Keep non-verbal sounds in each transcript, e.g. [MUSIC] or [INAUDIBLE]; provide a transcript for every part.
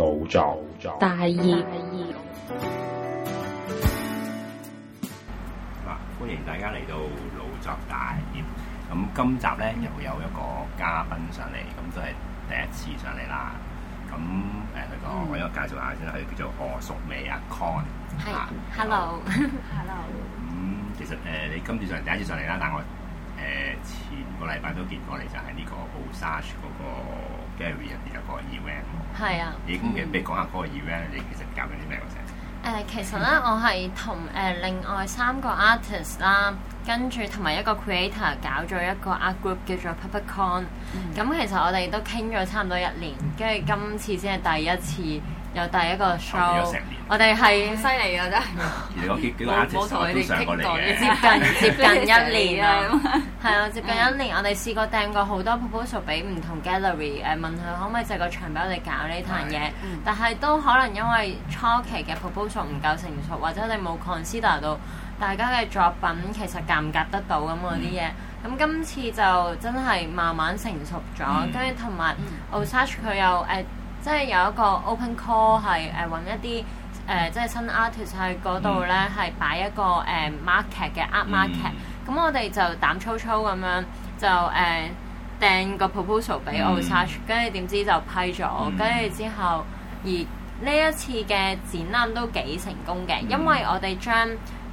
腦作大業。嗱，歡迎大家嚟到腦作大業。咁今集咧又、嗯、有一個嘉賓上嚟，咁都係第一次上嚟啦。咁誒，佢、呃、講、呃呃，我一個介紹下先，佢叫做何淑美啊，Corn。係。啊、Hello、嗯。Hello。咁其實誒、呃，你今次上嚟，第一次上嚟啦，但係我誒、呃、前個禮拜都見過你，就係呢個 O s a r h 嗰個。Gary 入邊有個 event，係啊！你咁講下嗰個 event 你其實搞緊啲咩嘢先？誒，其實咧，我係同誒另外三個 artist 啦，跟住同埋一個 creator 搞咗一個 art group 叫做 Popcorn。咁其實我哋都傾咗差唔多一年，跟住今次先係第一次。有第一個 show，我哋係犀利啊！真係，而家幾幾個阿姐傾過接近接近一年啊，係啊，接近一年。我哋試過掟過好多 proposal 俾唔同 gallery，誒問佢可唔可以借個場俾我哋搞呢壇嘢，但係都可能因為初期嘅 proposal 唔夠成熟，或者你冇 consider 到大家嘅作品其實夾唔夾得到咁嗰啲嘢。咁今次就真係慢慢成熟咗，跟住同埋 research 佢又誒。即係有一個 open call 係誒揾一啲誒、呃、即係新 artist 喺嗰度咧，係擺、嗯、一個誒 market 嘅 u、嗯嗯呃、p market。咁我哋就膽粗粗咁樣就誒訂個 proposal 俾 o search，跟住點知就批咗，跟住、嗯、之後而呢一次嘅展覽都幾成功嘅，因為我哋將。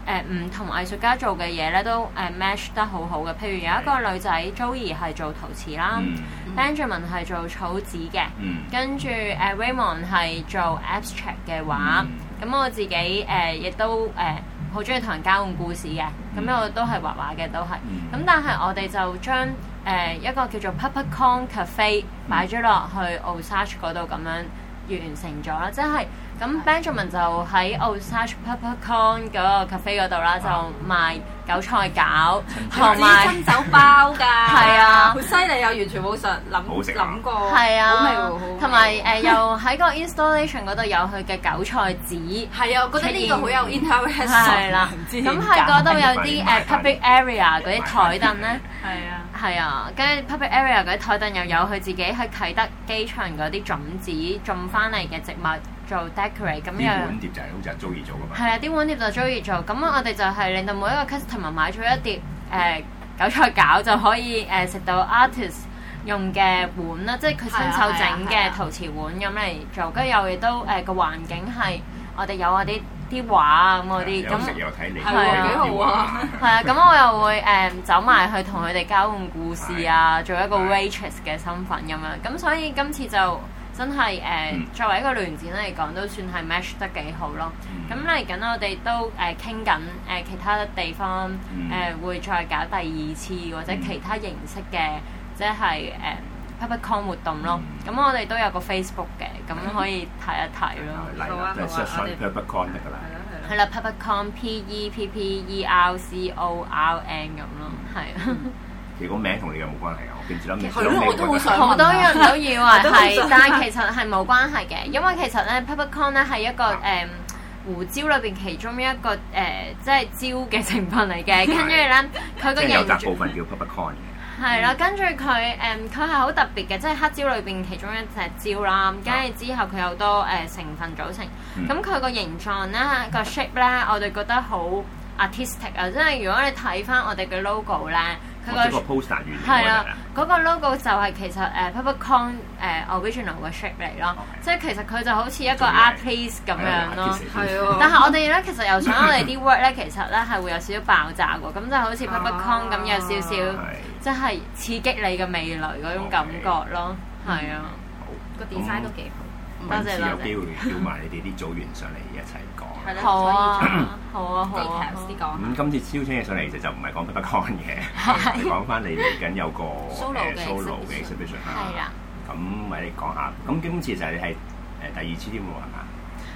誒唔、呃、同藝術家做嘅嘢咧都誒、呃、match 得好好嘅，譬如有一個女仔 Joey 係做陶瓷啦、mm hmm.，Benjamin 係做草紙嘅，mm hmm. 跟住誒、呃、Raymond 係做 abstract 嘅畫，咁、mm hmm. 嗯、我自己誒、呃、亦都誒好中意同人交換故事嘅，咁、嗯嗯嗯、我都係畫畫嘅都係，咁、mm hmm. 但係我哋就將誒、呃、一個叫做 Popcorn Cafe 擺咗落去 Osage 嗰、e、度咁樣完成咗，即、就、係、是。就是就是。咁 Benjamin 就喺 Oshag Pub Pub Con 嗰個 cafe 嗰度啦，就賣韭菜餃同埋餃包㗎。係啊，好犀利，又完全冇想，冇諗諗過。係啊，同埋誒又喺個 installation 嗰度有佢嘅韭菜籽。係啊，我覺得呢個好有 interest。係啦，咁喺嗰度有啲誒 public area 嗰啲台凳咧。係啊。係啊，跟住 public area 嗰啲台凳又有佢自己喺啟德機場嗰啲種子種翻嚟嘅植物。做 decorate 咁樣，碟碗碟就係好似係鍾意做噶嘛。係啊，啲碗碟就鍾意做，做。咁我哋就係令到每一個 customer 買咗一碟誒韭、呃、菜餃，就可以誒食、呃、到 artist 用嘅碗啦，即係佢親手整嘅陶瓷碗咁嚟做。跟住又亦都誒個、呃、環境係我哋有我啲啲畫啊咁嗰啲，咁係那啊幾好啊。係 [LAUGHS] 啊，咁我又會誒、呃、走埋去同佢哋交換故事啊，對做一個 waitress 嘅身份咁樣。咁所以今次就。真係誒作為一個聯展嚟講，都算係 match 得幾好咯。咁嚟緊我哋都誒傾緊誒其他地方誒會再搞第二次或者其他形式嘅，即係誒 Peppercorn 活動咯。咁我哋都有個 Facebook 嘅，咁可以睇一睇咯。係啦，就係 Peppercorn 嚟㗎啦。係啦，係啦。Peppercorn p e p p e r c o r n 咁咯，係。如果名同你又冇關係啊！我堅持諗名，好、嗯、多人都以為係，但係其實係冇關係嘅，因為其實咧，popcorn 咧係一個誒、嗯、胡椒裏邊其中一個誒、呃、即係椒嘅成分嚟嘅。跟住咧，佢 [LAUGHS] 個有個部分叫 popcorn 嘅。係啦、嗯，跟住佢誒，佢係好特別嘅，即係黑椒裏邊其中一隻椒啦。跟住之後，佢有多誒成分組成。咁佢個形狀咧，個 shape 咧，我哋覺得好 artistic 啊！即係如果你睇翻我哋嘅 logo 咧。嗰個 poster 啊，嗰 logo 就係其實誒 Popcorn 誒 original 嘅 shape 嚟咯，即係其實佢就好似一個 art piece 咁樣咯。係啊，但係我哋咧其實又想我哋啲 work 咧，其實咧係會有少少爆炸喎。咁就好似 Popcorn 咁有少少即係刺激你嘅味蕾嗰種感覺咯。係啊，個 design 都幾好。今次 [LAUGHS] 有機會叫埋你哋啲組員上嚟一齊講，係咯，好啊，好啊，好啊。咁、啊、今次邀請 [LAUGHS] 的你上嚟其實就就唔係講北江嘅，係講翻你嚟緊有個嘅 solo 嘅 exhibition。係啊，咁咪的你講下。咁今次就係你係誒第二次添喎。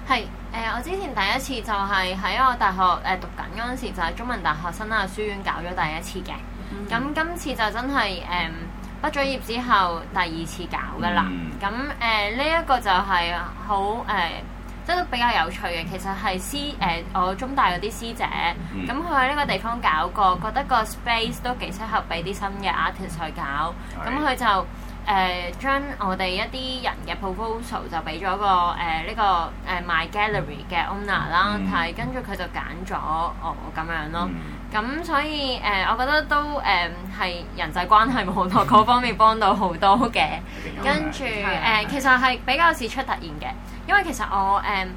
係誒、呃，我之前第一次就係喺我大學誒、呃、讀緊嗰陣時，就係中文大學新亞書院搞咗第一次嘅。咁、mm hmm. 今次就真係誒。嗯嗯畢咗業之後，第二次搞㗎喇。咁誒呢一個就係好誒，即都比較有趣嘅。其實係師誒，我中大嗰啲師姐，咁佢喺呢個地方搞過，覺得個 space 都幾適合俾啲新嘅 artist 去搞。咁佢 Sorry. 就誒將、呃、我哋一啲人嘅 proposal 就俾咗個誒呢、呃這個誒、呃、my gallery 嘅 owner 啦，係、mm hmm. 跟住佢就揀咗我咁樣咯。Mm hmm. 咁所以誒、呃，我覺得都誒係、呃、人際關係網絡嗰方面幫到好多嘅。跟住誒，其實係比較事出突然嘅，因為其實我誒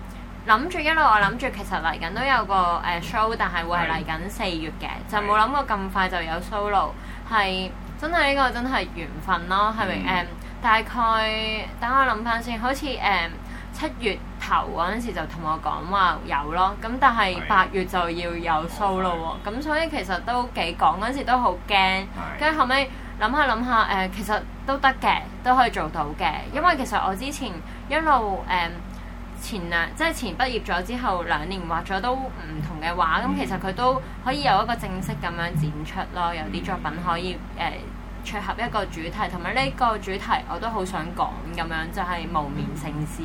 諗住一路，我諗住其實嚟緊都有個誒 show，但係會係嚟緊四月嘅， [MUSIC] 就冇諗過咁快就有 solo。係真係呢個真係緣分咯，係咪誒？大概等我諗翻先，好似誒。呃七月頭嗰陣時就同我講話有咯，咁但係八月就要有 show 咯喎，咁所以其實都幾講嗰陣時都好驚，跟住對後尾諗下諗下誒，其實都得嘅，都可以做到嘅，因為其實我之前一路誒、呃、前兩即係前畢業咗之後兩年畫咗都唔同嘅畫，咁、嗯、其實佢都可以有一個正式咁樣展出咯，有啲作品可以誒。呃撮合一個主題，同埋呢個主題我都好想講咁樣，就係嗯、樣，就係無眠城市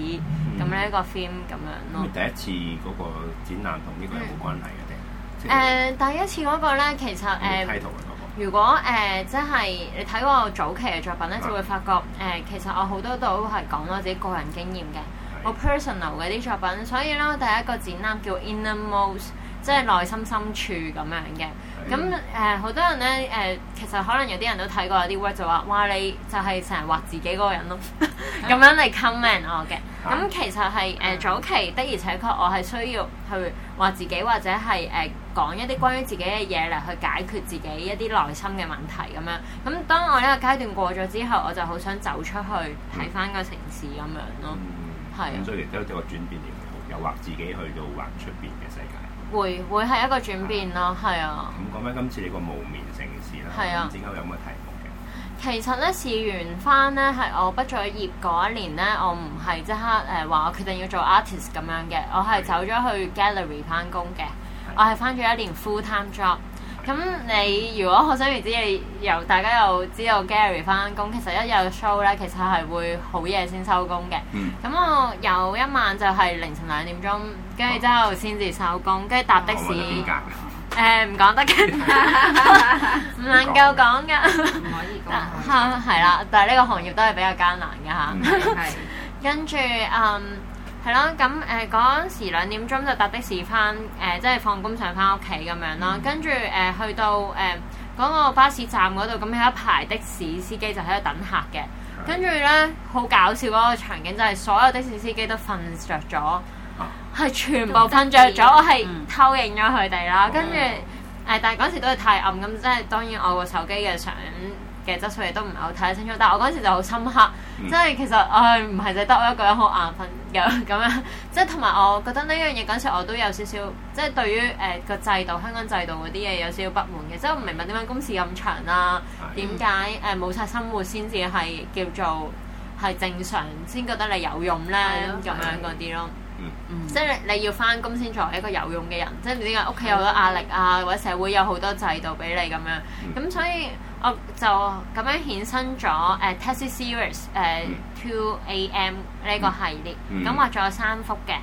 咁樣呢一個 theme 咁樣咯。第一次嗰個展覽同呢個有冇關係嘅啫？誒，第一次嗰個咧，其實誒、呃那個、如果誒、呃、即係你睇我早期嘅作品咧，的就會發覺誒、呃，其實我好多都係講我自己個人經驗嘅，我的 personal 嘅啲作品。所以咧，我第一個展覽叫 Innermost。即係內心深處咁樣嘅，咁誒好多人咧誒、呃，其實可能有啲人都睇過有啲 work 就話，哇！你就係成日畫自己嗰個人咯，咁 [LAUGHS] 樣嚟 comment 我嘅。咁、啊嗯、其實係誒、呃、早期的，而且確我係需要去畫自己，或者係誒、呃、講一啲關於自己嘅嘢嚟去解決自己一啲內心嘅問題咁樣。咁當我呢個階段過咗之後，我就好想走出去睇翻個城市咁樣咯。係。咁所以都有個轉變嚟又畫自己去到畫出面嘅世界。會會係一個轉變咯，係啊。咁講翻今次你個無眠城市啦，點解、啊、有咁嘅題目嘅？其實咧，試完翻咧，係我畢咗業嗰一年咧，我唔係即刻誒話我決定要做 artist 咁樣嘅，我係走咗去 gallery 翻工嘅，啊、我係翻咗一年 full time job。咁你如果可想而知，你由大家又知道 Gary 翻工，其實一有 show 咧，其實係會好夜先收工嘅。咁、嗯、我有一晚就係凌晨兩點鐘，跟住之後先至收工，跟住搭的士。誒、嗯，唔講得嘅，唔、呃、 [LAUGHS] [LAUGHS] 能夠講嘅。 [LAUGHS] 唔可以講，但係係啦，但係呢個行業都係比較艱難嘅嚇。嗯、 [LAUGHS] 跟住嗯。係啦，咁誒嗰陣時兩點鐘就搭的士翻誒、呃，即係放工上翻屋企咁樣啦。跟住誒去到誒嗰、呃那個巴士站嗰度，咁有一排的士司機就喺度等客嘅。跟住咧，好搞笑嗰個場景就係所有的士司機都瞓着咗，係、啊、全部瞓着咗。我係偷影咗佢哋啦。跟住誒，但係嗰陣時都係太暗，咁即係當然我個手機嘅相。嘅質素亦都唔係好睇得清楚，但係我嗰陣時就好深刻，即係、嗯、其實，唉、哎，唔係就得我一個人好眼瞓嘅咁樣，即係同埋我覺得呢樣嘢嗰陣時我都有少少，即係對於誒、呃、個制度香港制度嗰啲嘢有少少不滿嘅，即係我唔明白點解工時咁長啦、啊，點解誒冇晒生活先至係叫做係正常，先覺得你有用咧咁的樣嗰啲咯，即係你要翻工先作為一個有用嘅人，即係點解屋企有咗壓力啊，或者社會有好多制度俾你咁樣，咁所以。我就咁樣衍生咗誒《uh, Taxi Series》誒 Two A.M. 呢個系列，咁話仲有三幅嘅。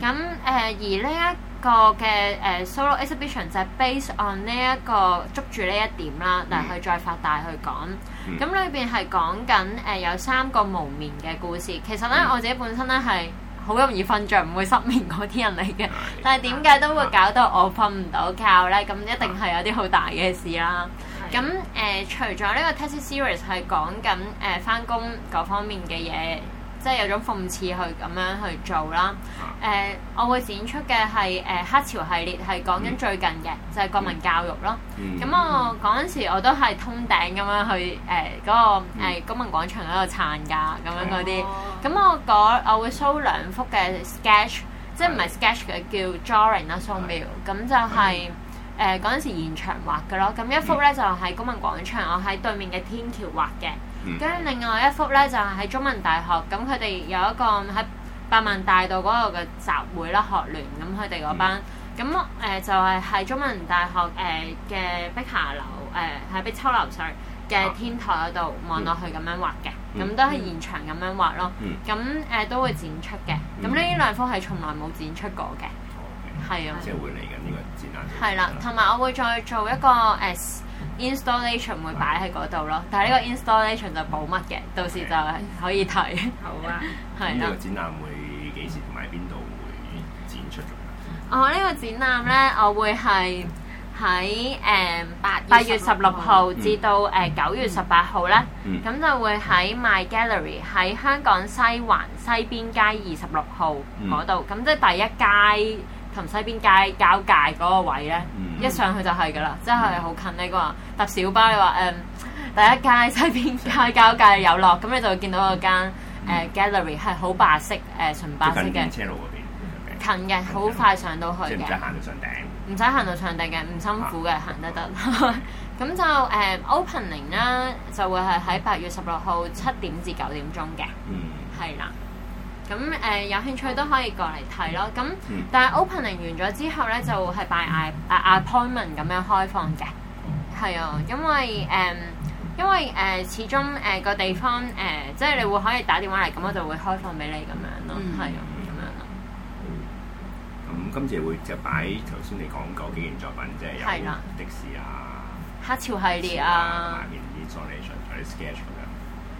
咁誒、mm. uh, 而呢一個嘅誒、uh, Solo Exhibition 就係 based on 呢、這、一個捉住呢一點啦，但係、mm. 佢再發大去講。咁裏邊係講緊誒有三個無眠嘅故事。其實咧，mm. 我自己本身咧係好容易瞓着唔會失眠嗰啲人嚟嘅。Mm. 但係點解都會搞到我瞓唔到覺咧？咁一定係有啲好大嘅事啦。咁誒、呃，除咗呢個 test series 係講緊誒翻工嗰方面嘅嘢，即係有種諷刺去咁樣去做啦。誒、啊呃，我會展出嘅係誒黑潮系列係講緊最近嘅、嗯、就係國民教育咯。咁、嗯、我嗰陣時我都係通頂咁樣去誒嗰、呃那個、嗯、公民廣場嗰度撐噶咁樣嗰啲。咁、哎、呀我嗰、那個、我會 show 兩幅嘅 sketch，即係唔係 sketch 嘅叫 drawing 啦素描。咁、嗯、就係、是。嗯嗯誒嗰陣時現場畫嘅咯，咁一幅咧、嗯、就喺公民廣場，我喺對面嘅天橋畫嘅。咁、嗯、另外一幅咧就係、是、喺中文大學，咁佢哋有一個喺百萬大道嗰度嘅集會啦，學聯咁佢哋嗰班。咁誒、嗯呃、就係、是、喺中文大學誒嘅、呃、碧霞樓誒，喺、呃、碧秋樓上嘅天台嗰度望落去咁樣畫嘅，咁、嗯、都係現場咁樣畫咯。咁誒、嗯呃、都會展出嘅。咁呢兩幅係從來冇展出過嘅。係啊，即係會嚟緊呢個展覽。係啦，同埋我會再做一個誒 installation 會擺喺嗰度咯。但係呢個 installation 就保密嘅，到時就可以睇。好啊，係啦。咁呢個展覽會幾時同埋邊度會展出？哦，呢個展覽咧，我會係喺誒八八月十六號至到誒九月十八號啦。嗯。咁就會喺 My Gallery 喺香港西環西邊街二十六號嗰度，咁即係第一街。琴西邊街交界嗰個位咧，嗯嗯，一上去就係噶啦，即係好近呢你話搭小巴，你話誒第一街西邊街交，交界有落，咁你就會見到嗰間 gallery 係好白色誒純白色嘅。近車路嗰邊？近嘅，好快上到去嘅。唔使行到上頂？唔使行到上頂嘅，唔辛苦嘅，行、啊、得得。咁就誒 opening 啦，就會係喺八月十六號七點至九點鐘嘅，係、嗯、啦。咁誒有興趣都可以過嚟睇咯。咁但係 opening 完咗之後咧，就係擺 appointment 咁樣開放嘅。係啊、嗯嗯，因為誒因為誒始終誒、呃、個地方誒、呃，即係你會可以打電話嚟，咁我就會開放俾你咁樣咯。係啊、嗯，咁樣啊。咁今、嗯嗯嗯、次會就擺頭先你講嗰幾件作品，即係有的士啊、嗯、黑潮系列啊、畫面 illustration 或者 sketch 咁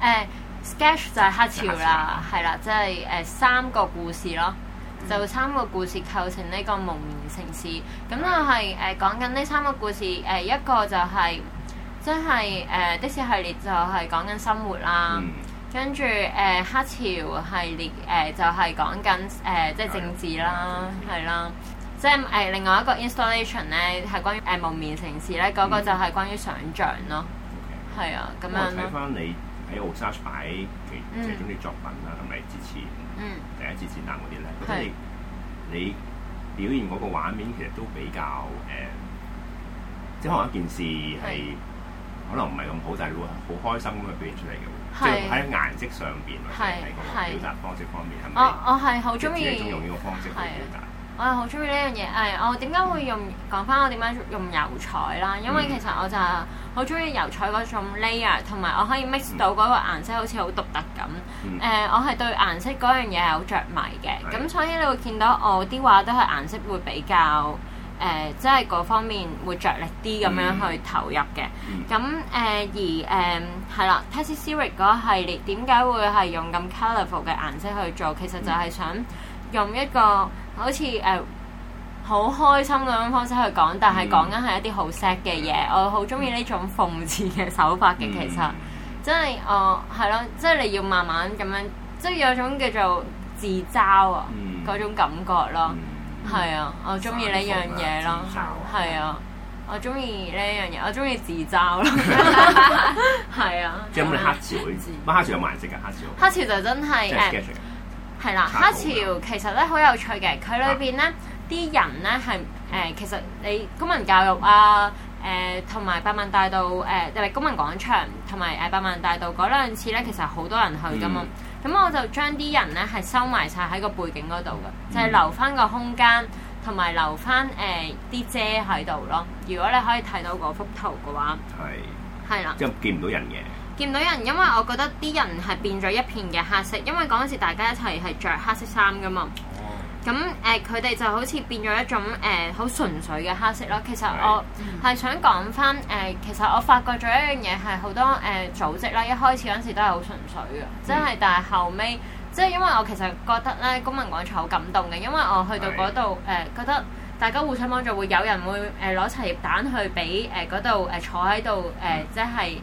樣。 [MUSIC] [MUSIC] Sketch 就係黑潮啦，係手啦，即係誒、呃、三個故事咯，嗯、就三個故事構成呢個無眠城市。咁就係誒講緊呢三個故事，誒、呃、一個就係、是，即係誒的士系列就係講緊生活啦，跟住誒黑潮系列誒就係講緊誒即係政治啦，係、呃、啦，即係誒另外一個 installation 咧係關於誒無眠城市咧嗰，那個就係關於想像咯，係、嗯、啊，咁樣咯。 [LAUGHS] 喺奧沙擺其其中啲作品啦，同埋之前第一次展覽嗰啲咧，覺得你你表現嗰個畫面其實都比較誒，即可能一件事係可能唔係咁好，但係會好開心咁去表現出嚟嘅喎，即係喺顏色上邊或者喺個表達方式方面，係咪？哦，我係好中意用呢個方式去表達。啊，好中意呢樣嘢！誒、哎，我點解會用講翻我點解用油彩啦？因為其實我就好中意油彩嗰種 layer，同埋我可以 mix 到嗰個顏色好似好獨特咁。誒、嗯呃，我係對顏色嗰樣嘢係好著迷嘅，咁、嗯、所以你會見到我啲畫都係顏色會比較誒，即係嗰方面會着力啲咁樣去投入嘅。咁誒、嗯嗯呃、而誒係、呃、啦 Tessie Series 嗰系列點解會係用咁 colourful 嘅顏色去做？其實就係想用一個好似誒好開心咁樣方式去講，但係講緊係一啲好 sad 嘅嘢。我好中意呢種諷刺嘅手法嘅，其實、嗯、真係哦，係、呃、咯，即係你要慢慢咁樣，即係有種叫做自嘲啊嗰、嗯、種感覺咯。係、嗯、啊，我中意呢樣嘢咯。係啊，啊，我中意呢樣嘢，我中意自嘲咯。係啊。 [LAUGHS] [LAUGHS] 啊即係有冇黑潮？乜黑潮有顏色㗎？黑潮。黑潮就真係係啦，黑潮其實咧好有趣嘅，佢裏邊咧啲人咧係誒，其實你公民教育啊，誒同埋百萬大道誒，呃、特別公民廣場同埋誒百萬大道嗰兩次咧，其實好多人去噶嘛。咁、嗯、我就將啲人咧係收埋晒喺個背景嗰度嘅，就係、是、留翻個空間，同埋留翻誒啲遮喺度咯。如果你可以睇到嗰幅圖嘅話，係係是啦，即係見唔到人嘅。見到人，因為我覺得啲人係變咗一片嘅黑色，因為嗰陣時大家一齊係着黑色衫噶嘛。咁誒，佢哋就好似變咗一種誒、呃、好純粹嘅黑色咯。其實我係想講翻誒，其實我發覺咗一樣嘢係好多誒、呃、組織啦，一開始嗰陣時都係好純粹嘅，即係。但係後尾，即係因為我其實覺得咧，公民廣場好感動嘅，因為我去到嗰度誒，覺得大家互相幫助，會有人會誒攞茶葉蛋去俾誒嗰度誒坐喺度誒，即係。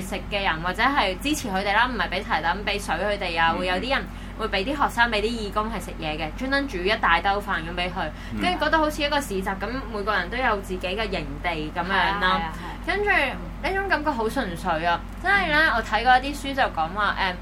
絕食嘅人，或者係支持佢哋啦，唔係俾提燈、俾水佢哋啊。嗯、會有啲人會俾啲學生、俾啲義工係食嘢嘅，專登煮一大兜飯咁俾佢，跟住、嗯、覺得好似一個市集咁，每個人都有自己嘅營地咁樣啦、啊。跟住呢種感覺好純粹啊！真係咧，我睇過一啲書就講話誒誒，即、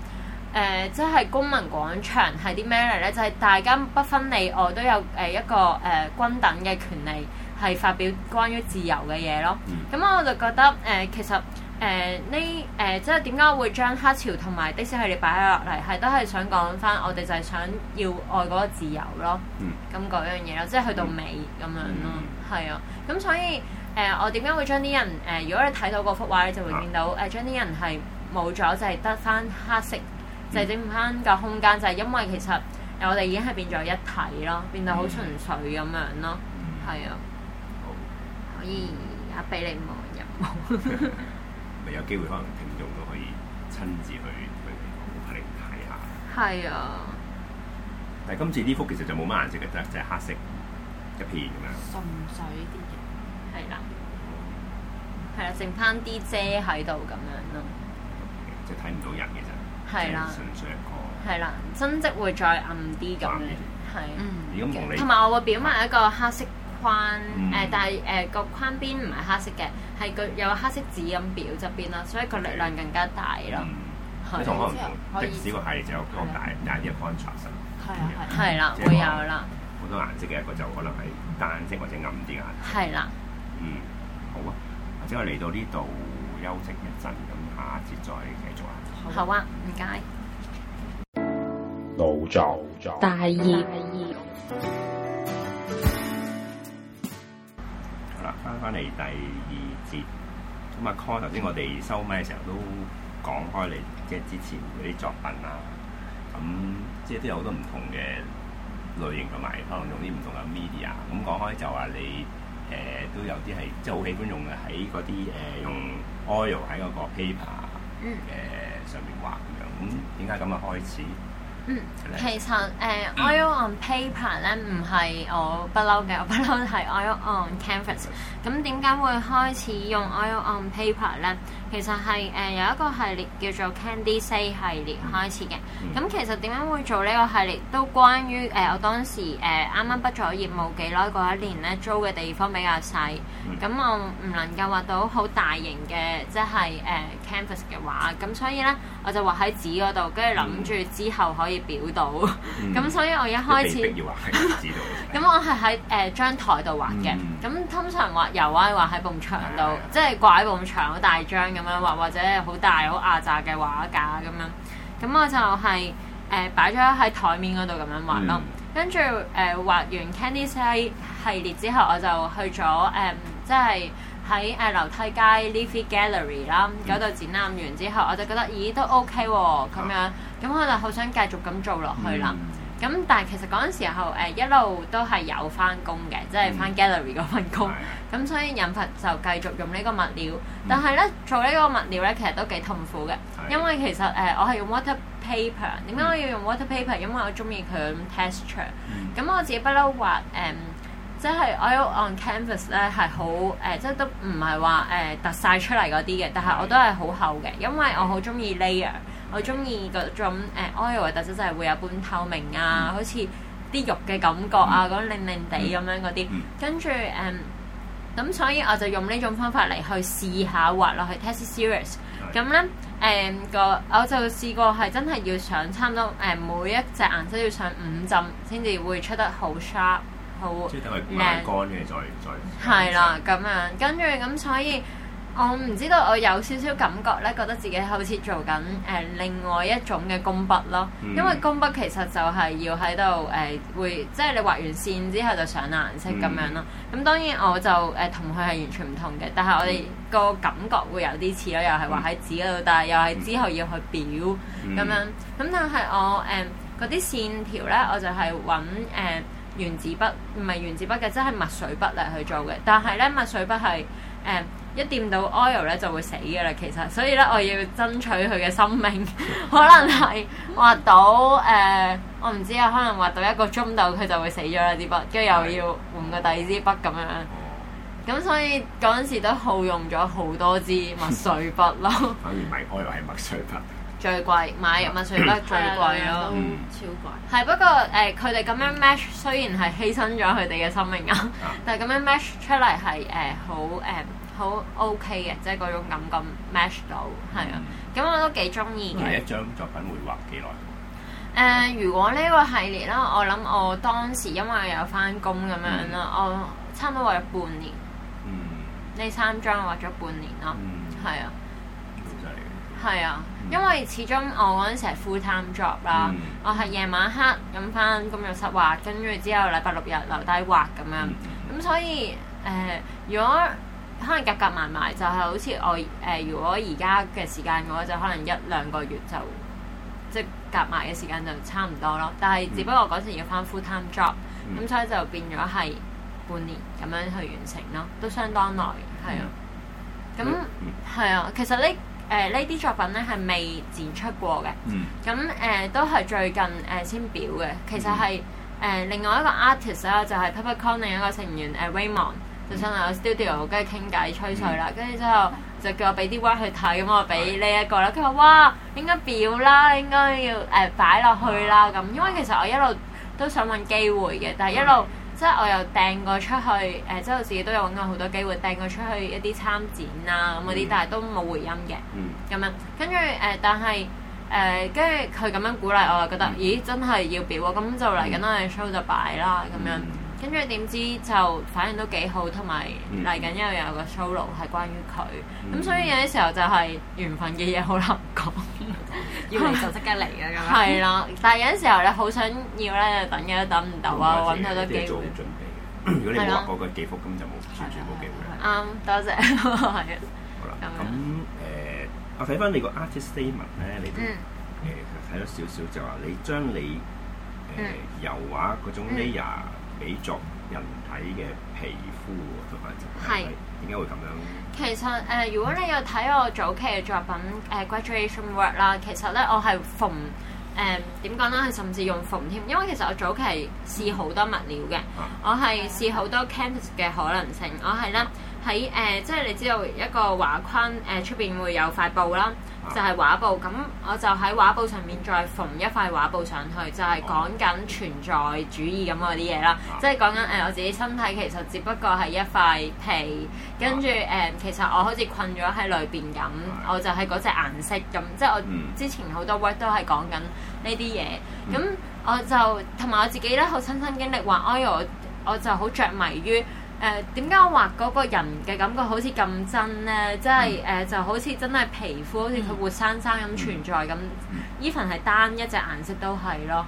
呃、係、呃就係、公民廣場係啲咩嚟咧？就係、係、大家不分你我都有誒一個誒均、呃呃、等嘅權利，係發表關於自由嘅嘢咯。咁、嗯、我就覺得誒、呃，其實。誒呢，誒即係點解會將黑潮同埋的士系列擺咗落嚟？係都係想講翻我哋就係想要愛嗰個自由咯，咁嗰、嗯、樣嘢咯，即係去到尾咁樣咯，係、嗯嗯、啊，咁所以誒、呃、我點解會將啲人誒、呃、如果你睇到嗰幅畫你就會見到誒將啲人係冇咗，就係得翻黑色，就係整唔翻個空間，嗯、就係因為其實我哋已經係變咗一體咯，變到好純粹咁樣咯，係、嗯嗯、啊，可以嚇俾你望入有機會可能聽眾都可以親自去去睇下。係啊，但係今次呢幅其實就冇乜顏色嘅，即係就係黑色就譬如咁樣。純粹啲嘢。係啦，嗯，係啦，剩翻啲遮喺度咁樣咯，即係睇唔到人嘅啫。係啦，純粹一個。係啦，真跡會再暗啲咁樣。係，嗯。如果同埋我會表埋一個黑色。框誒，但係誒個框邊唔係黑色嘅，係個有黑色字咁表側邊咯，所以個力量更加大咯。可能，即比較，的少係就有個大大嘅 contrast 咯。係啊，係啦，會有啦。好多顏色嘅一個就可能係單色或者暗啲顏色。係啦。嗯，好啊，或者我嚟到呢度休息一陣，咁下一節再繼續啊。好啊，唔該。腦作大業。腦作大業。返返嚟第二節，咁啊，Corn 頭先我哋收麥嘅時候都講開你、嗯 ia，嗯講開你呃，即係之前嗰啲作品啊，咁即係都有好多唔同嘅類型同埋用啲唔同嘅 media。咁講開就話你誒都有啲係即係好喜歡用嘅喺嗰啲誒用 oil 喺嗰個 paper 誒、呃、上面畫咁、嗯、樣。咁點解咁啊開始？嗯，其實誒、呃、 [COUGHS] oil on paper 咧唔係我不嬲嘅，我不嬲係 oil on canvas 咁點解會開始用 oil on paper 咧？其實係誒、呃、有一個系列叫做 Candy Say 系列開始嘅。咁其實點樣會做呢個系列？都關於誒、呃、我當時誒啱啱畢咗業冇幾耐嗰一年咧，租嘅地方比較細，咁我唔能夠畫到好大型嘅，即係誒 canvas 嘅畫。咁所以咧，我就畫喺紙嗰度，跟住諗住之後可以。表到，咁所以我一開始，被逼要畫係知道。咁我係喺誒張台度畫嘅，咁通常畫油畫畫喺埲牆度，即係掛喺埲牆好大張咁樣畫，或者好大好壓榨嘅畫架咁樣。咁我就係誒擺咗喺台面嗰度咁樣畫咯。跟住誒畫完 Candy Sky 系列之後，我就去咗誒，即係。喺誒、呃、樓梯街 Leafy Gallery 啦，嗰、嗯、度展覽完之後，我就覺得咦都 OK 喎、啊，咁樣咁我就好想繼續咁做落去啦。咁但係其實嗰陣時候誒、呃、一路都係有返工嘅，即係返 Gallery 嗰份工。咁、嗯嗯嗯、所以引發就繼續用呢個物料，但係咧做呢個物料咧其實都幾痛苦嘅，嗯、因為其實誒、呃、我係用 water paper。點解我要用 water paper？因為我中意佢 texture。咁我自己不嬲畫誒。嗯嗯即係 oil on canvas 咧，係好誒，即係都唔係話誒凸曬出嚟嗰啲嘅，但係我都係好厚嘅，因為我好中意 layer，我中意嗰種誒 oil、呃、特質，就係會有半透明啊，嗯、好似啲肉嘅感覺啊，嗰、嗯、種靚靚地咁樣嗰啲，嗯、跟住誒咁，呃、所以我就用呢種方法嚟去試下畫落去 test series、嗯。咁咧誒個，我就試過係真係要上差唔多誒、呃、每一隻顏色要上五浸先至會出得好 sharp。好即係等佢慢乾嘅、嗯，再再。係啦，咁樣跟住咁，所以我唔知道，我有少少感覺咧，覺得自己好似做緊誒、呃、另外一種嘅工筆咯。因為工筆其實就係要喺度誒，會即係你畫完線之後就上顏色咁、嗯、樣咯。咁當然我就誒同佢係完全唔同嘅，但係我哋個感覺會有啲似咯，又係畫喺紙嗰度，但係又係之後要去裱咁、嗯、樣。咁但係我誒嗰啲線條咧，我就係揾誒。呃原子筆，唔係原子筆嘅，真係墨水筆嚟去做嘅。但係咧，墨水筆係誒一掂到 oil 咧就會死嘅啦。其實，所以咧我要爭取佢嘅生命，可能係畫到誒，我唔知啊，可能畫到一個鐘度佢就會死咗啦啲筆，跟住又要換個第二支筆咁樣。咁所以嗰陣時都耗用咗好多支墨水筆咯。反而唔係 oil，係墨水筆。最貴買墨水筆最貴咯，超貴、嗯。係、嗯、不過誒，佢哋咁樣 match 雖然係犧牲咗佢哋嘅生命啊，但係咁樣 match 出嚟係誒好誒、呃、好 OK 嘅，即係嗰種感覺 match 到，係啊。咁、嗯、我都幾中意。每一張作品會畫幾耐？誒、呃，如果呢個系列啦，我諗我當時因為有翻工咁樣啦，嗯、我差唔多畫咗半年。呢、嗯、三張畫咗半年咯，係、嗯、啊。係啊，因為始終我嗰陣時係 full time job 啦，嗯、我係夜晚黑咁翻工作室畫，跟住之後禮拜六日留低畫咁樣，咁、嗯、所以誒、呃，如果可能夾夾埋埋就係好似我誒、呃，如果而家嘅時間嘅話，就可能一兩個月就即係夾埋嘅時間就差唔多咯。但係只不過嗰陣要翻 full time job，咁、嗯、所以就變咗係半年咁樣去完成咯，都相當耐，係啊。咁係、嗯嗯、啊，其實呢～誒呢啲作品咧係未展出過嘅，咁、嗯、誒、嗯嗯、都係最近誒先、呃、表嘅。其實係誒、呃、另外一個 artist 啦、啊，就係、是、Popcorn 另一個成員誒、呃、Raymond，就上嚟 studio 跟住傾偈吹水啦，跟住之後就，就叫我俾啲 work 去睇，咁我俾呢一個啦，佢話哇應該表啦，應該要誒擺落去啦咁，因為其實我一路都想揾機會嘅，但係一路。嗯即係我又掟過出去，誒、呃，即係我自己都有揾過好多機會掟過出去一啲參展啊咁嗰啲，但係都冇回音嘅，咁樣跟住誒，但係誒，跟住佢咁樣鼓勵我，我就覺得，嗯、咦，真係要表啊！咁、嗯嗯、就嚟緊嗰個 show、嗯、就擺啦，咁樣跟住點知就反應都幾好，同埋嚟緊又有個 solo 係關於佢，咁所以有啲時候就係緣分嘅嘢好難講。嗯要你就即刻嚟嘅咁，係啦。但係有陣時候你好想要咧，等嘅都等唔到啊，揾嘅都幾。做準備。如果你冇畫嗰個幾幅，咁就冇完全冇機會啦。啱，多謝。係。好啦，咁誒，我睇翻你個 artist statement 咧，你誒睇咗少少就話你將你誒油畫嗰種 layer 俾作人體嘅皮膚喎，都係即係點解會咁樣？其實誒、呃，如果你有睇我早期嘅作品誒、呃、graduation work 啦，其實咧我係縫，誒點講咧，係、呃、甚至用縫添，因為其實我早期試好多物料嘅，我係試好多 canvas 嘅可能性，我係咧喺誒，即係你知道一個畫框誒，出、呃、邊會有塊布啦。就係畫布咁，我就喺畫布上面再縫一塊畫布上去，就係講緊存在主義咁嗰啲嘢啦，即係講緊誒我自己身體其實只不過係一塊皮，跟住誒、oh. 呃、其實我好似困咗喺裏邊咁，oh. 我就係嗰隻顏色咁，嗯、即係我之前好多 work 都係講緊呢啲嘢，咁、oh. 我就同埋我自己咧好親身經歷話、哎，我我就好着迷於。誒點解我畫嗰個人嘅感覺好似咁真呢？即係誒、呃、就好似真係皮膚，好似佢活生生咁存在咁。呢份係單一隻顏色都係咯。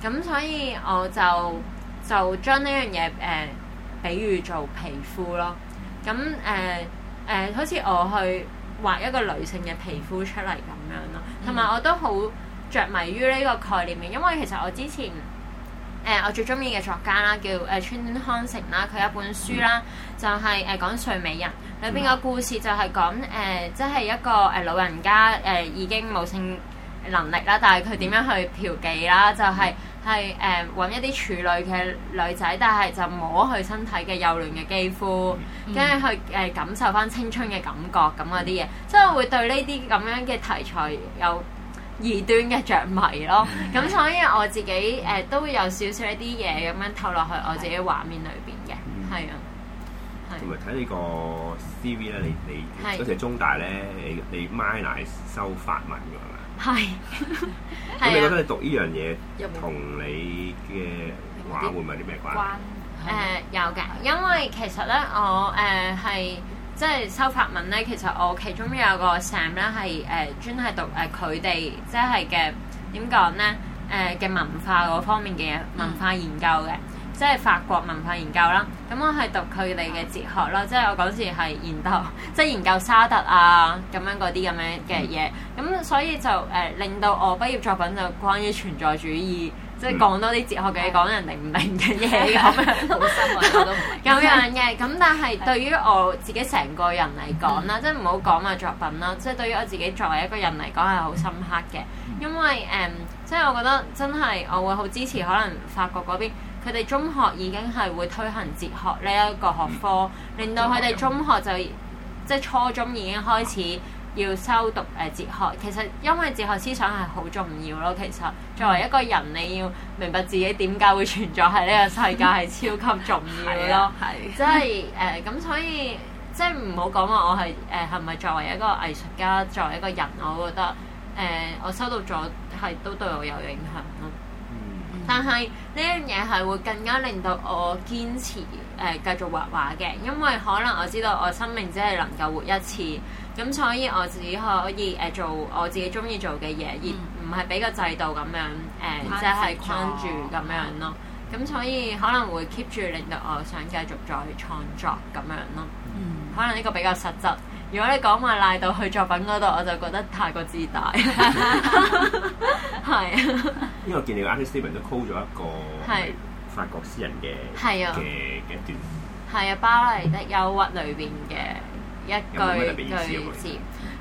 咁、嗯、所以我就就將呢樣嘢誒，比喻做皮膚咯。咁誒誒，好似我去畫一個女性嘅皮膚出嚟咁樣咯。同埋我都好着迷於呢個概念，因為其實我之前。誒、呃，我最中意嘅作家啦，叫誒川、呃、康成啦，佢一本書啦，嗯、就係、是、誒、呃、講睡美人，裏邊個故事就係講誒，即、呃、係、就是、一個誒老人家誒、呃、已經冇性能力啦，但係佢點樣去嫖妓啦？嗯、就係係誒揾一啲處女嘅女仔，但係就摸佢身體嘅幼嫩嘅肌膚，跟住、嗯、去誒、呃、感受翻青春嘅感覺咁嗰啲嘢，即係我會對呢啲咁樣嘅題材有異端嘅着迷咯，咁 [LAUGHS] 所以我自己誒、呃、都會有少少一啲嘢咁樣透落去我自己畫面裏邊嘅，係、嗯、啊。同埋睇呢個 CV 咧，啊啊啊啊啊啊、你你嗰時中大咧，你你 minor 係修法文㗎嘛？係。咁你覺得你讀呢樣嘢同你嘅畫會唔係啲咩關？誒、呃、有嘅，因為其實咧我誒係。呃即係修法文咧，其實我其中有一個 Sam 咧係誒專係讀誒佢哋即係嘅點講咧誒嘅文化嗰方面嘅嘢文化研究嘅，嗯、即係法國文化研究啦。咁我係讀佢哋嘅哲學啦、嗯，即係我嗰時係研究即係研究沙特啊咁樣嗰啲咁樣嘅嘢，咁、嗯、所以就誒、呃、令到我畢業作品就關於存在主義。即係講多啲哲學嘅嘢，講人哋唔明嘅嘢咁樣，好 [LAUGHS] 深我都唔明。咁 [LAUGHS] 樣嘅，咁但係對於我自己成個人嚟講啦，即係唔好講埋作品啦，即、就、係、是、對於我自己作為一個人嚟講係好深刻嘅， [NOISE] 因為誒，即、嗯、係、就是、我覺得真係我會好支持可能法國嗰邊，佢哋中學已經係會推行哲學呢一個學科， [NOISE] 令到佢哋中學就即係、就是、初中已經開始。要修讀誒哲學，其實因為哲學思想係好重要咯。其實作為一個人，你要明白自己點解會存在喺呢個世界係 [LAUGHS] 超級重要咯。係、 [LAUGHS] 啊，即係誒咁，即係呃、所以即係唔好講話我係誒係咪作為一個藝術家作為一個人，我覺得誒、呃、我修讀咗係都對我有影響咯。 [LAUGHS] 但係呢樣嘢係會更加令到我堅持誒、呃、繼續畫畫嘅，因為可能我知道我生命只係能夠活一次。咁所以我自己可以誒做我自己中意做嘅嘢，而唔係俾個制度咁樣誒，即係框住咁樣咯。咁所以可能會 keep 住令到我想繼續再創作咁樣咯。嗯、可能呢個比較實質。如果你講話賴到去作品嗰度，我就覺得太過自大。係。 [LAUGHS] [LAUGHS] [LAUGHS] 因為見你個 understatement 都 call 咗一個，係法國詩人嘅，係啊嘅嘅段，係啊巴黎的憂鬱裏邊嘅。 [LAUGHS] [LAUGHS] 一句句子，有有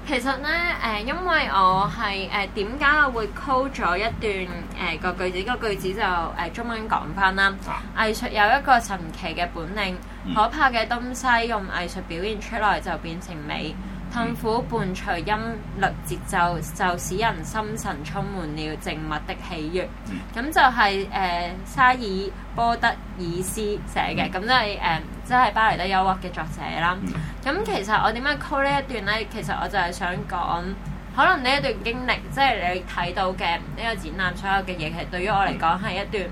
其實咧誒、呃，因為我係誒點解我會 copy 咗一段誒、呃、個句子？個句子就誒、呃、中文講返啦。啊、藝術有一個神奇嘅本領，嗯、可怕嘅東西用藝術表現出來就變成美。嗯痛苦伴隨音律節奏，就使人心神充滿了靜默的喜悅。咁、嗯、就係、是、誒、呃、沙爾波德爾斯寫嘅，咁都係誒，即係、就是呃就是、巴黎的憂鬱嘅作者啦。咁、嗯、其實我點樣 call 呢一段呢？其實我就係想講，可能呢一段經歷，即、就、係、是、你睇到嘅呢個展覽所有嘅嘢，其實對於我嚟講係一段誒、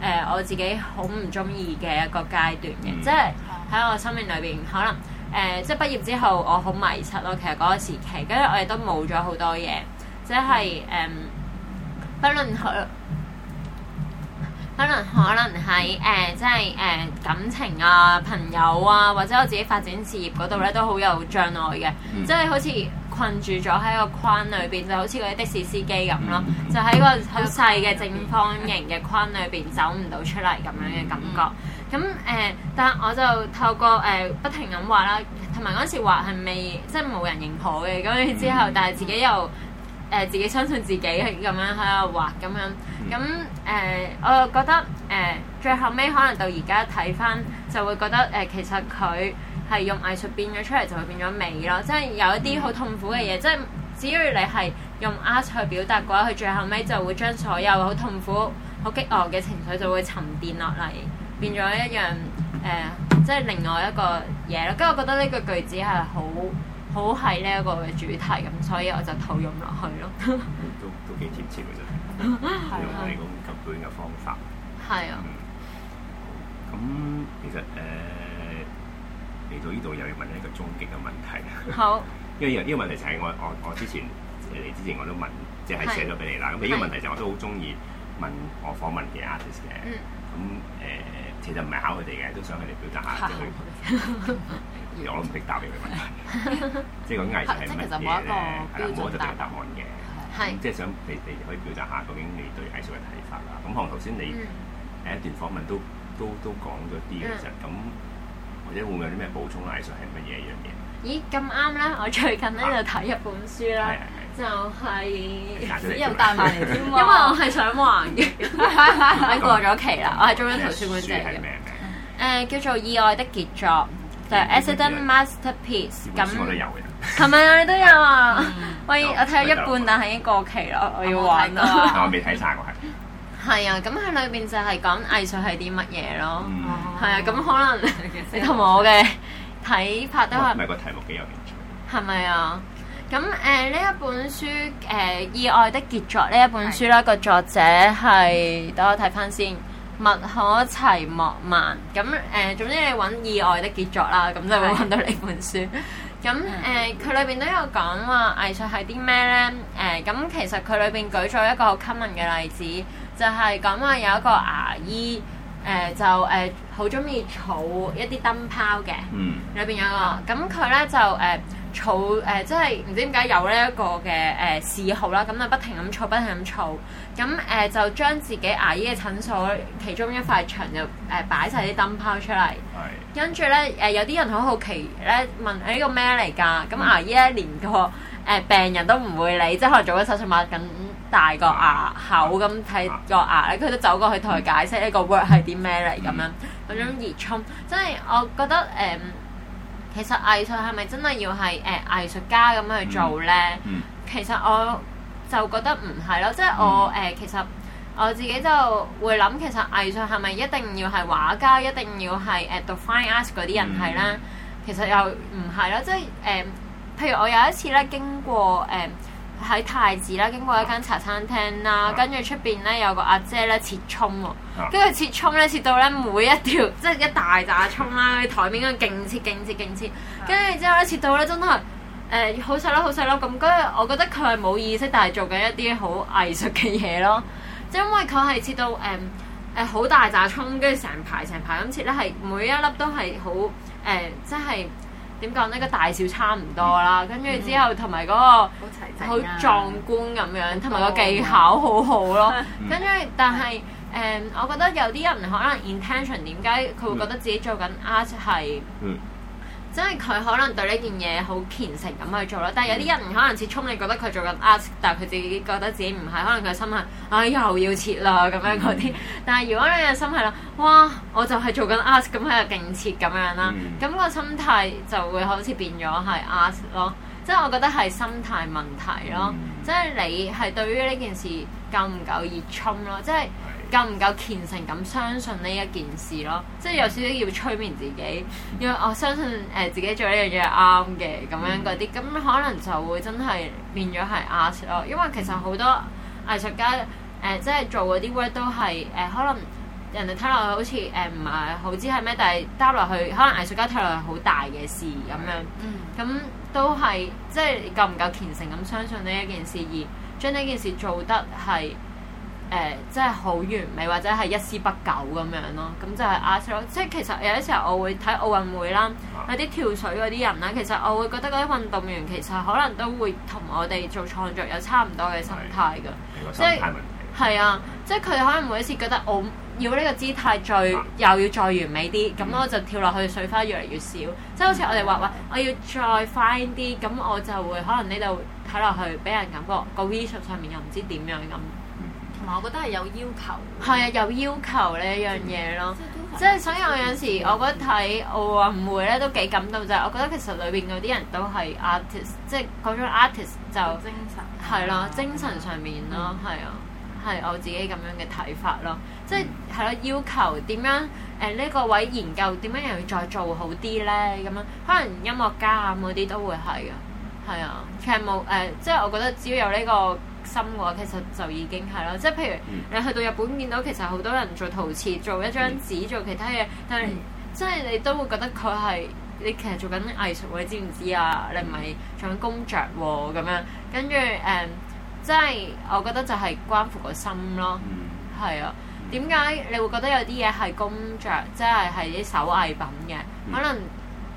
呃、我自己好唔中意嘅一個階段嘅，即係喺我生命裏邊可能。誒、呃，即係畢業之後，我好迷柒咯。其實嗰個時期，跟住我哋都冇咗好多嘢，即係誒、呃，不論可，可能可能喺誒，即係誒、呃、感情啊、朋友啊，或者我自己發展事業嗰度咧，嗯、都好有障礙嘅，嗯、即係好似困住咗喺個框裏邊，就好似嗰啲的士司機咁咯，就喺個好細嘅正方形嘅框裏邊走唔到出嚟咁樣嘅感覺。嗯。咁誒、嗯，但係我就透過誒、呃、不停咁畫啦，同埋嗰陣時畫係未即係冇人認可嘅。咁然之後，但係自己又誒、呃、自己相信自己，係咁樣喺度畫咁樣。咁、嗯、誒、嗯嗯嗯，我又覺得誒、呃、最後尾可能到而家睇返就會覺得誒、呃、其實佢係用藝術變咗出嚟，就會變咗美咯。即係有一啲好痛苦嘅嘢，嗯、即係只要你係用 art 去表達嘅話，佢最後尾就會將所有好痛苦、好激昂嘅情緒就會沉澱落嚟。變咗一樣誒、呃，即係另外一個嘢咯。跟住我覺得呢個句，句子係好好係呢一個嘅主題咁，所以我就套用落去咯。都都幾貼切嘅啫， [LAUGHS] 用你嗰個極短嘅方法。係是啊、嗯。咁其實誒嚟、呃、到呢度又要問一個終極嘅問題。好。因為呢個問題就係我我我之前嚟之前我都問，即、就、係、是、寫咗俾你啦。咁呢是個問題就我都好中意問我訪問嘅 artist 嘅。咁誒、嗯。其實唔係考佢哋嘅，都想佢哋表達下。我都唔識答呢個問題，即係講藝術係乜嘢嘅咧？係啦，冇一個答案嘅。係，即係想你哋可以表達下究竟你對藝術嘅睇法啦。咁可能頭先你喺一段訪問都都都講咗啲其實。咁或者會唔會有啲咩補充？藝術係乜嘢一樣嘢？咦，咁啱啦！我最近咧就睇一本書啦。就係又帶埋嚟添，因為我係想還嘅，已經過咗期啦。我係中央圖書館借嘅，誒叫做《意外的傑作》，就《accident masterpiece》。咁琴日我哋都有啊，我我睇咗一半，但係已經過期啦，我要還啦。但我未睇晒，我係係啊，咁喺裏邊就係講藝術係啲乜嘢咯，係啊，咁可能你同我嘅睇拍得係，唔係個題目幾有興趣，係咪啊？咁誒呢一本書誒、呃、意外的傑作呢一本書啦，個的作者係等我睇翻先，麥可齊莫曼。咁誒、呃、總之你揾意外的傑作啦，咁就會揾到呢本書。咁誒佢裏邊都有講話藝術係啲咩咧？誒、呃、咁其實佢裏邊舉咗一個好 common 嘅例子，就係講話有一個牙醫。誒、呃、就誒好中意儲一啲燈泡嘅，裏邊有個咁佢咧就誒儲誒即係唔知點解有呢一個嘅誒嗜好啦，咁就不停咁儲，不停咁儲，咁、嗯、誒、呃、就將自己牙醫嘅診所其中一塊牆就誒、呃、擺晒啲燈泡出嚟，跟住咧誒有啲人好好奇咧，問呢個咩嚟㗎？咁牙醫咧連個誒、呃、病人都唔會理，即係可能做緊手術抹緊。嗯大個牙口咁睇個牙咧，佢都走過去同佢解釋呢個 work 係啲咩嚟，咁樣嗰種熱衷，即、就、係、是、我覺得誒、呃，其實藝術係咪真係要係誒、呃、藝術家咁樣去做咧？嗯嗯、其實我就覺得唔係咯，即、就、係、是、我誒、嗯呃，其實我自己就會諗，其實藝術係咪一定要係畫家，一定要係誒 fine art 嗰啲人係啦？嗯、其實又唔係咯，即係誒，譬如我有一次咧經過誒。呃喺太子啦，經過一間茶餐廳啦，跟住出邊咧有個阿姐咧切葱喎，跟住切葱咧切到咧每一條即係一大紮葱啦，喺台面嗰度勁切勁切勁切，跟住之後咧切到咧真係誒好細粒好細粒咁，跟住我覺得佢係冇意識，但係做緊一啲好藝術嘅嘢咯，即係因為佢係切到誒誒好大紮葱，跟住成排成排咁切咧，係每一粒都係好誒即係。呃點講呢，個大小差唔多啦，跟住，嗯、之後同埋嗰個好壯觀咁樣，同埋，嗯、個技巧好好咯。跟住、嗯，但係誒，嗯嗯嗯，我覺得有啲人可能 intention 點解佢會覺得自己做緊 art 係？嗯即係佢可能對呢件嘢好虔誠咁去做咯，但係有啲人可能切沖，你覺得佢做緊 art，但係佢自己覺得自己唔係，可能佢心係，唉、哎、又要切啦咁樣嗰啲。但係如果你嘅心係啦，哇，我就係做緊 art，咁喺度勁切咁樣啦，咁、那個心態就會好似變咗係 art 咯。即係我覺得係心態問題咯，即係你係對於呢件事夠唔夠熱衷咯，即係。夠唔夠虔誠咁相信呢一件事咯，即係有少少要催眠自己，因為我相信誒自己做呢樣嘢啱嘅，咁樣嗰啲，咁可能就會真係變咗係 art 咯。因為其實好多藝術家誒、呃，即係做嗰啲 work 都係誒、呃，可能人哋睇落去好似誒唔係好知係咩，但係搭落去可能藝術家睇落去好大嘅事咁樣，咁、嗯 mm hmm. 都係即係夠唔夠虔誠咁相信呢一件事而將呢件事做得係誒，即係好完美，或者係一絲不苟咁樣咯。咁就係 artist，即係其實有啲時候，我會睇奧運會啦，啊、有啲跳水嗰啲人啦。其實我會覺得嗰啲運動員其實可能都會同我哋做創作有差唔多嘅心態㗎，這個、態即係係啊，即係佢可能會每一次覺得我要呢個姿態最，啊、又要再完美啲，咁我就跳落去水花越嚟越少。嗯、即係好似我哋話話，我要再 fine 啲，咁我就會可能呢度睇落去俾人感覺、那個 video 上面又唔知點樣咁，同埋我覺得係有要求，係啊， [MUSIC] 有要求呢一樣嘢咯。即係所以我有時我覺得睇奧運會咧都幾感動，就係、是、我覺得其實裏邊嗰啲人都係 artist，即係嗰種 artist 就係咯精，精神上面咯，係啊，係的、嗯、我自己咁樣嘅睇法咯。嗯、即係係咯，要求點樣？誒、呃、呢、這個位研究點樣又要再做好啲咧？咁樣可能音樂家啊嗰啲都會係啊，係啊，劇目誒、呃呃，即係我覺得只要有呢、這個。心嘅話，其實就已經係咯，即係譬如你去到日本、嗯、見到，其實好多人做陶瓷、做一張紙、做其他嘢，但係、嗯、即係你都會覺得佢係你其實做緊藝術，你知唔知啊？你唔係做緊工作喎，咁樣跟住誒，即係我覺得就係關乎個心咯，係、嗯、啊。點解你會覺得有啲嘢係工作，即係係啲手藝品嘅可能？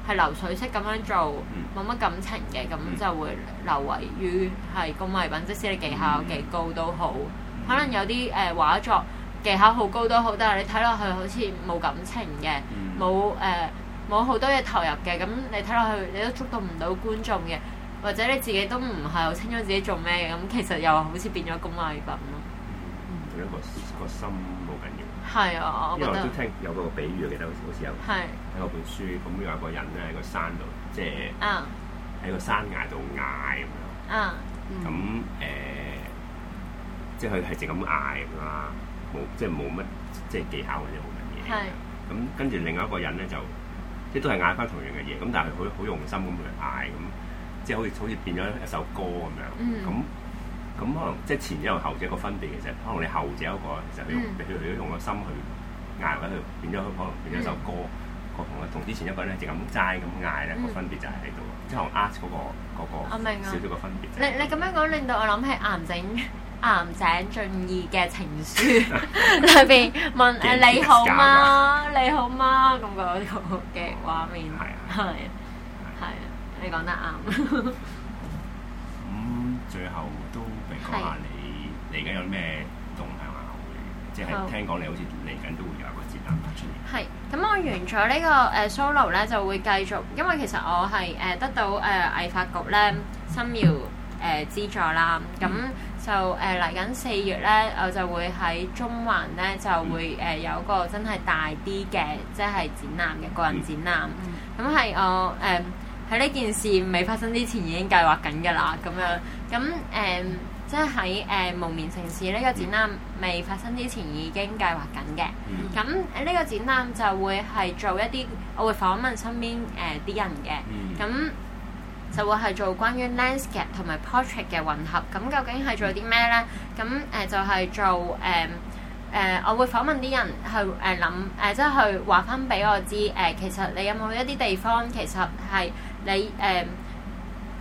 係流水式咁樣做，冇乜感情嘅，咁就會留遺於係工藝品。嗯、即使你技巧幾高都好，嗯、可能有啲誒、呃、畫作技巧好高都好，但係你睇落去好似冇感情嘅，冇誒冇好多嘢投入嘅，咁你睇落去你都觸動唔到觀眾嘅，或者你自己都唔係好清楚自己做咩嘅，咁其實又好似變咗工藝品咯。嗯係啊，因為我都聽有個比喻，記得好似好似有睇過本書，咁有一個人咧喺個山度，即係喺個山崖度嗌咁樣。咁誒，即係佢係直咁嗌咁啦，冇即係冇乜即係技巧或者冇乜嘢。咁跟住另外一個人咧就，即係都係嗌翻同樣嘅嘢，咁但係佢好好用心咁去嗌咁，即係好似好似變咗一首歌咁樣。嗯，咁咁可能即係前者同後者個分別其實，可能你後者嗰個其實用，譬如如果用個心去嗌咧，佢變咗可能變咗首歌，同同之前一個咧就咁齋咁嗌咧，個分別就喺度，即係我 ask 嗰個嗰個少少個分別。你你咁樣講令到我諗起《岩井岩井俊二》嘅情書裏邊問誒，你好嗎？你好嗎？咁嗰套嘅畫面係。係啊，你講得啱。咁最後都。講下你嚟緊是有咩動向啊？會即係聽講你好似嚟緊都會有一個展覽出嚟。係咁，我完咗呢個誒 Solo 咧，就會繼續，因為其實我係誒得到誒藝發局咧新苗誒資助啦。咁、嗯、就誒嚟緊四月咧，我就會喺中環咧就會誒有一個真係大啲嘅，即係展覽嘅個人展覽。咁係、嗯、我誒喺呢件事未發生之前已經計劃緊㗎啦。咁樣咁誒。即係喺誒無眠城市呢個展覽、mm. 未發生之前已經計劃緊嘅，咁呢、mm. 個展覽就會係做一啲，我會訪問身邊誒啲、呃、人嘅，咁、mm. 就會係做關於 landscape 同埋 portrait 嘅混合。咁究竟係做啲咩咧？咁誒、mm. 呃、就係、是、做誒誒、呃呃，我會訪問啲人去誒諗誒，即係話翻俾我知誒、呃。其實你有冇一啲地方其實係你誒？呃呃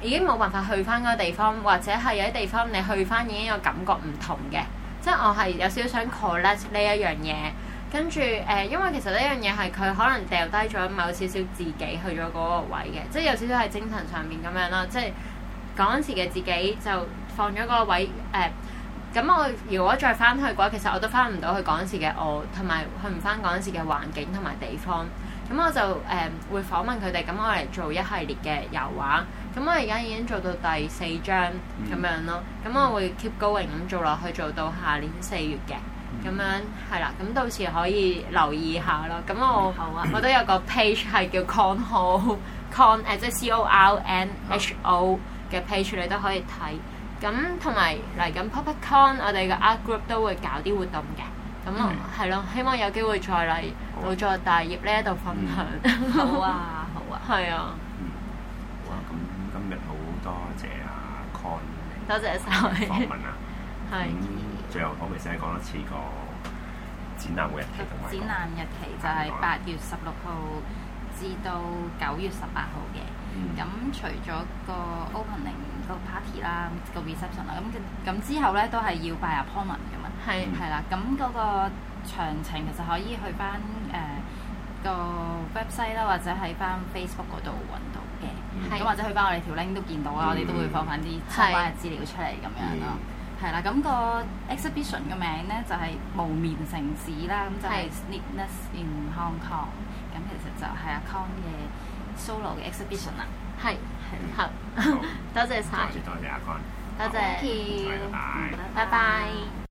已經冇辦法去翻嗰個地方，或者係有啲地方你去翻已經有感覺唔同嘅。即係我係有少少想 collect 呢一樣嘢，跟住誒，因為其實呢一樣嘢係佢可能掉低咗某少少自己去咗嗰個位嘅，即係有少少喺精神上面咁樣啦。即係嗰陣時嘅自己就放咗個位誒。咁、呃、我如果再翻去嘅話，其實我都翻唔到去嗰陣時嘅我，同埋去唔翻嗰陣時嘅環境同埋地方。咁我就誒、呃、會訪問佢哋，咁我嚟做一系列嘅油畫。咁我而家已經做到第四章咁、嗯、樣咯，咁我會 keep going 咁做落去，做到下年四月嘅咁樣係啦，咁到時可以留意下咯。咁我好、啊、我都有個 page 係叫 c, orn, Con,、呃、c o、R、n h o c o n 誒即係 C O R N H O 嘅 page，你都可以睇。咁同埋嚟緊 Popcorn，我哋嘅 Art Group 都會搞啲活動嘅。咁啊係咯，希望有機會再嚟到再大業呢度分享。好啊、嗯、 [LAUGHS] 好啊，係啊。 [LAUGHS] 多謝曬訪問啊！係是、嗯，最後可唔可以先講一次個展覽日期？展覽日期就係八月十六號至到九月十八號嘅。咁、嗯、除咗個 opening party、那個、啦，個 reception 是啦，咁咁之後咧都係要拜入訪問嘅嘛。係係啦，咁嗰個詳情其實可以去翻誒、呃那個 website 啦，或者喺翻 Facebook 嗰度揾。咁或者去返我哋條 link 都見到啊，我哋都會放翻啲相關嘅資料出嚟咁樣咯。係啦，咁個 exhibition 嘅名咧就係《無眠城市》啦，咁就係《Snipness in Hong Kong》。咁其實就係阿 Con 嘅 solo 嘅 exhibition 啦。係，係啦，多謝曬。多謝。多謝阿 Con。Thank you。拜拜。